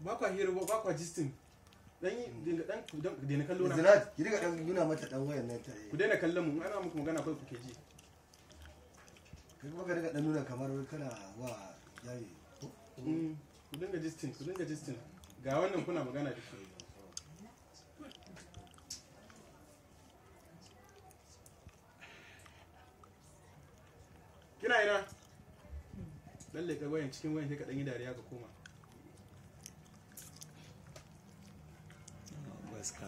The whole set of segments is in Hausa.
ba kwa hira ba kwa jistin dan dinga dan ku daina kallo na zinat ki dinga dan nuna mata dan wayan nan ta eh. ku daina kallon mu ana muku magana kai ke ji kai kuma ka dinga dan nuna kamar kana wa yayi mm, ku dinga jistin ku dinga jistin ga wannan kuna magana da shi kina ina lalle ka wayan cikin wayan sai ka dan yi dariya ka koma haska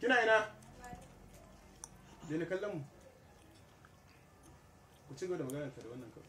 kina ina je ni kallon mu ku ci gaba da magana ta da wannan kawai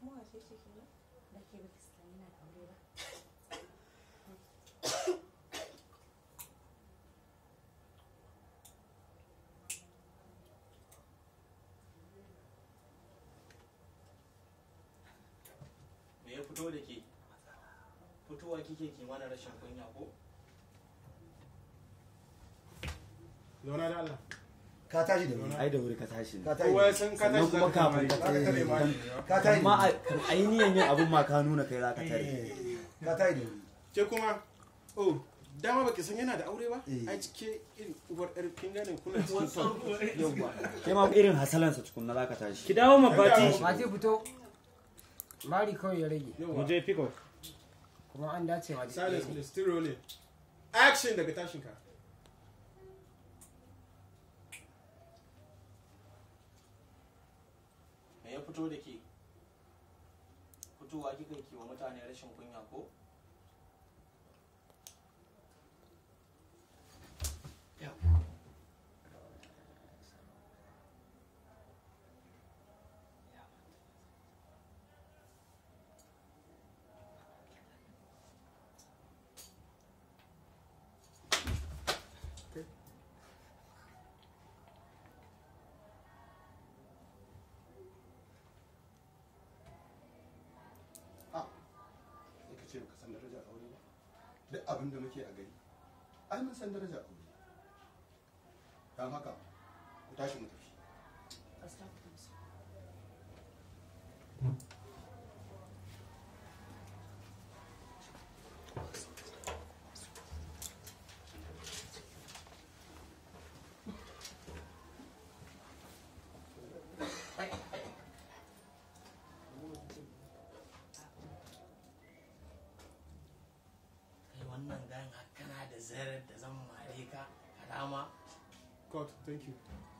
kuma wace me ya fito da ke fitowa kike ki mana rashin kunya ko da Allah ka tashi da wuri ai da wuri ka tashi ka tashi kowa san ka tashi kuma kafin ka tashi ka tashi amma ainihin yin abun ma ka nuna kai za ka tare eh, ka tashi da wuri ke kuma oh dama baki san yana da aure ba eh. a cike irin uwar yar finganin kuna cikin son yawwa ke ma irin hasalansa tukun na Ka tashi ki dawo mabati mati fito mari kawai ya rage mu je pico kuma an dace ma silence please still rolling action daga tashin ka me ya fito da ke fitowa ke wa mutane rashin kunya ko duk abin da muke a gari ai mun san daraja ne don haka ku tashi mu tafi wannan gayan kana da zarar da zan mare ka ka dama god thank you